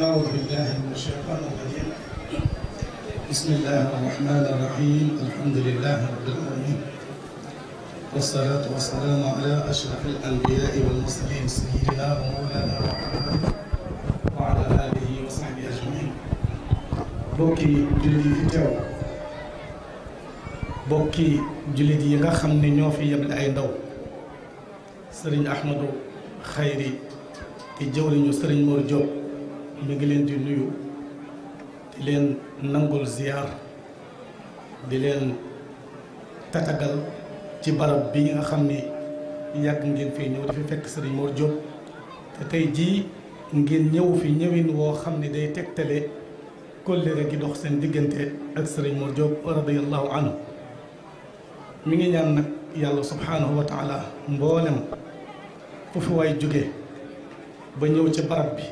أعوذ بالله من الشيطان الرجيم بسم الله الرحمن الرحيم الحمد لله رب العالمين والصلاة والسلام على أشرف الأنبياء والمرسلين سيدنا ومولانا وعلى آله وصحبه أجمعين بوكي جلدي في تاو بوكي جلدي غخم من يوفي ñoo fi yebal ay ndaw Serigne Ahmadou Khayri سرين مرجو ñu ngi leen di nuyu di leen nangul ziyaar di leen tatagal ci barab bi nga xam ni yàgg ngeen fii ñëw dafa fekk Serigne Mor Diop te tey jii ngeen ñëw fi ñëwin woo xam ni day tegtale kóllëre gi dox seen diggante ak sëriñ Mor Diop radiyallahu anhu mi ngi ñaan nag yàlla subhanahu wa taala mboolem fu fi waay jóge ba ñëw ci barab bi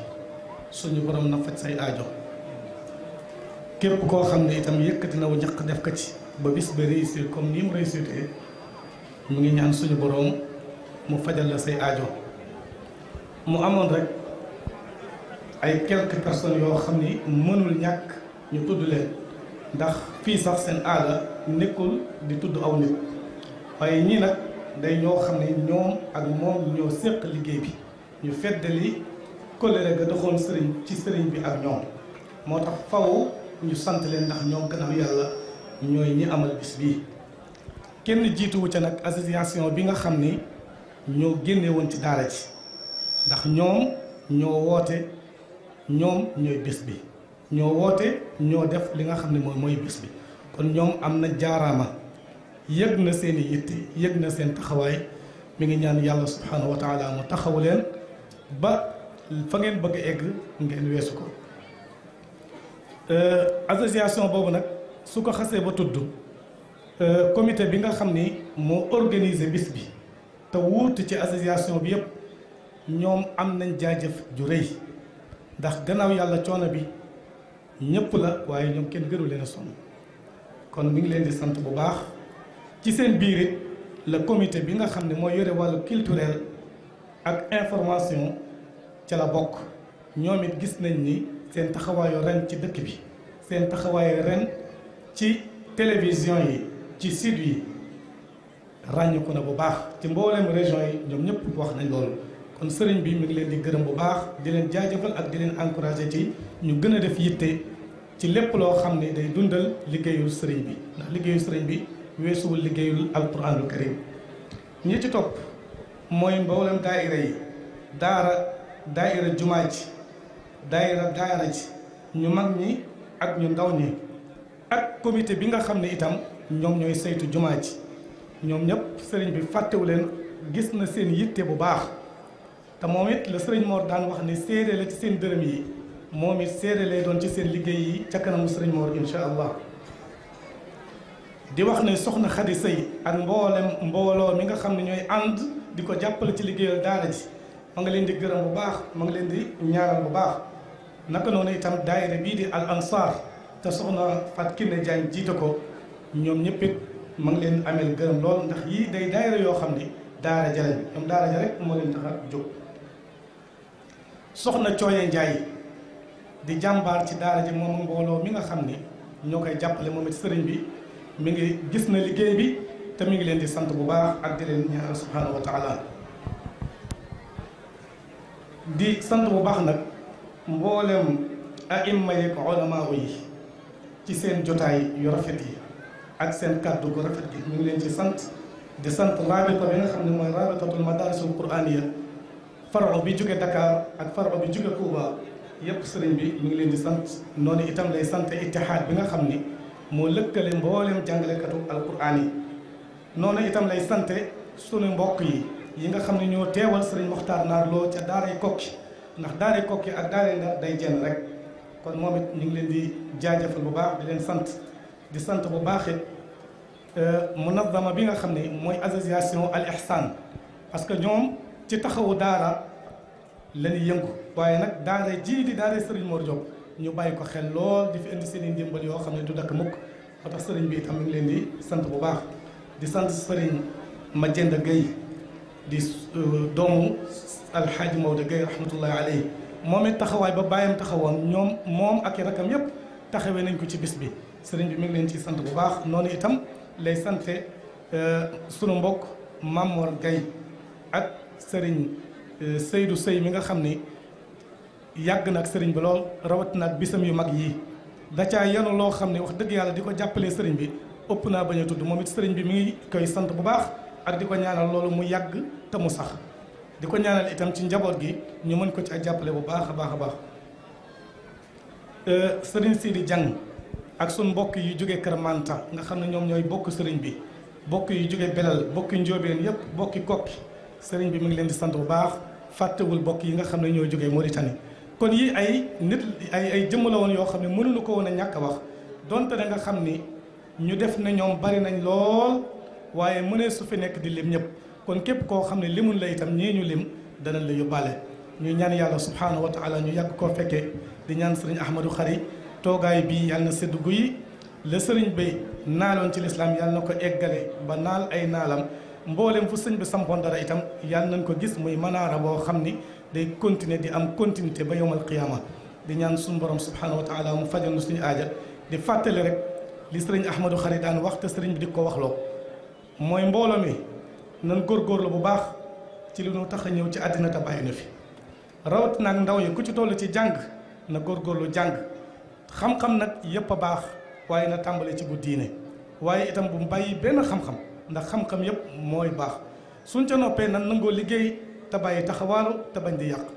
suñu borom na faj say aajo képp koo xam ne itam yëkkati na wu ñaq def ko ci ba bis ba réussir comme ni mu réussir mu ngi ñaan suñu boroom mu fajal la say aajo mu amoon rek ay quelques personnes yoo xam ni mënul ñàkk ñu tudd leen ndax fii sax seen aada nekkul di tudd aw nit waaye ñii nag day ñoo xam ne ñoom ak moom ñoo séq liggéey bi ñu feddali kóllëre nga doxoon sëriñ ci sëriñ bi ak ñoom moo tax faw ñu sant leen ndax ñoom gannaaw yàlla ñooy ñi amal bis bi kenn jiituwu ca nag association bi nga xam ni ñoo génne woon ci daara ji ndax ñoom ñoo woote ñoom ñooy bis bi ñoo woote ñoo def li nga xam ne mooy mooy bis bi kon ñoom am na jaaraama yëg na seen i yëg na seen taxawaay mi ngi ñaan yàlla subhanahu wa mu taxaw leen ba fa ngeen bëgg egg ngeen weesu ko euh, association boobu nag su ko xasee ba tudd euh, comité bi nga xam ni moo organiser bis bi te wuute ci association bi yëpp ñoom am nañ jaajëf ju rëy ndax gannaaw yàlla coono bi ñëpp la waaye ñoom kenn gënu leen a sonn kon mi ngi leen di sant bu baax ci seen biir it la comité bi nga xam ne mooy yore wàllu culturel ak information ca la bokk ñoom it gis nañ ni seen taxawaayu ren ci dëkk bi seen taxawaayu ren ci télévision yi ci site yi ràññiku na bu baax ci mboolem région yi ñoom ñëpp wax nañ loolu kon sëriñ bi mu ngi leen di gërëm bu baax di leen jaajëfal ak di leen encouragé ci ñu gën a def yitte ci lépp loo xam ne day dundal liggéeyu sëriñ bi ndax liggéeyu sëriñ bi weesuwul liggéeyul alquranul karim ñi ci topp mooy mboolem daayira yi daara daayira jumaa ji daayira daara ji ñu mag ñi ak ñu ndaw ñi ak comité bi nga xam ne itam ñoom ñooy saytu jumaa ji ñoom ñëpp sëriñ bi fàttewu leen gis na seen yitte bu baax te moom it la sëriñ Mor daan wax ne séede la ci seen dërëm yi moom it séede lay doon ci seen liggéey yi ca kanamu sëriñ Mor incha allah di wax ne soxna Xadi Sëy ak mboolem mbooloo mi nga xam ne ñooy ànd di ko jàppale ci liggéeyal daara ji ma ngi leen di gërëm bu baax ma ngi leen di ñaaral bu baax naka noonu itam daayira bii di al ansar te soxna Fat Kine Diagne jiite ko ñoom ñëpp it ma ngi leen ameel gërëm lool ndax yii day daayira yoo xam ni daara ja lañ ñoom daara ja rek moo leen jóg soxna Cooye Njaay di jàmbaar ci daara ji mbooloo mi nga xam ni ñoo koy jàppale moom it sëriñ bi mu ngi gis na liggéey bi te mu ngi leen di sant bu baax ak di leen ñaanal subhanahu wa di sant bu baax nag mboolem aimma yeeg olamaa yi ci seen jotaay yu rafet yi ak seen kàddu gu rafet gi ñu ngi leen ci sant di sant raabita bi nga xam ne mooy raabitatul madaarisul quraaniya faro bi jóge Dakar ak faro bi jóge Touba yépp sëriñ bi ñu ngi leen di sant noonu itam lay sant ittihaad bi nga xam ni moo lëkkale mboolem jàngalekatu alquraan yi noonu itam lay sante sunu mbokk yi yi nga xam ne ñoo teewal sëriñ Mokhtar Naar loo ca daaray Kokki ndax daaray Kokki ak daaray nga day jenn rek kon moom it ñu ngi leen di jaajëfal bu baax di leen sant di sant bu baax it euh, munazama bi nga xam ne mooy association Al Ihsan parce que ñoom ci taxawu daara la yëngu waaye nag daara ji di daara sëriñ Mor Diop ñu bàyyi ko xel lool di fi indi i ndimbal yoo xam ne du dakk mukk moo sëriñ bi itam ñu leen di sant bu baax di sant sëriñ Majenda Gueye di doomu alxaaji Maodo Gueye rahmatullahi alayhi moom it taxawaay ba bàyyam taxawoon ñoom moom ak rakam yëpp taxawee nañ ko ci bis bi sëriñ bi mi ngi leen ci sant bu baax noonu itam lay sante sunu mbokk Mamor gay ak sëriñ Seydou Sey mi nga xam ni yàgg na sëriñ bi lool rawatina ak bisam yu mag yii da caa yanu loo xam ne wax dëgg yàlla di ko jàppalee sëriñ bi ëpp naa bañ a tudd moom bi mi ngi koy sant bu baax ak di ñaanal loolu mu yàgg te sax di ko ñaanal itam ci njaboot gi ñu mën ko ci ak jàppale bu baax a baax a baax euh, sëriñ di Diang ak sun mbokk yi jóge Kër Manta nga xam ne ñoom ñooy bokk sëriñ bi bokk yi jóge Belal bokki Njóobeen yépp bokki Kokki sëriñ bi mu ngi leen di sant bu baax fàttewul bokk yi nga xam ne ñoo jóge Mauritanie kon yii ay nit ay ay jëmm la woon yoo xam ne mënuñu ko woon a ñàkk a wax donte da nga xam ni ñu def na ñoom bari nañ lool waaye mënee su fi nekk di lim ñëpp kon képp koo xam ne limun la itam ñii ñu lim dana la yóbbaale ñu ñaan yàlla subhaanahu wa taala ñu yàgg koo fekkee di ñaan sëriñ ahmadou xari toogaay bii yàlla na séddu guyi la sëriñ bi naaloon ci lislaam yàlla na ko eggale ba naal ay naalam mboolem fu sëñ bi sampoon dara itam yàlla nañ ko gis muy manaara boo xam ni day continuer di am continuité ba yowmal qiyaama di ñaan suñu borom subhaanahu wa taala mu fajal nu suñu aaja di fàttali rek li sëriñ ahmadou xari daan wax te sëriñ bi di ko waxloo mooy mbooloo mi nan góorgóorlu bu baax ci li nu tax a ñëw ci àddina te bàyyi na fi rawat nag ndaw yi ku ci toll ci jàng na góor góorlu jàng xam-xam nag yëpp a baax waaye na tàmbale ci bu diine waaye itam bu mu bàyyi benn xam-xam ndax xam-xam yëpp mooy baax suñ ca noppee nan nangoo liggéey te bàyyi taxawaalu te bañ di yàq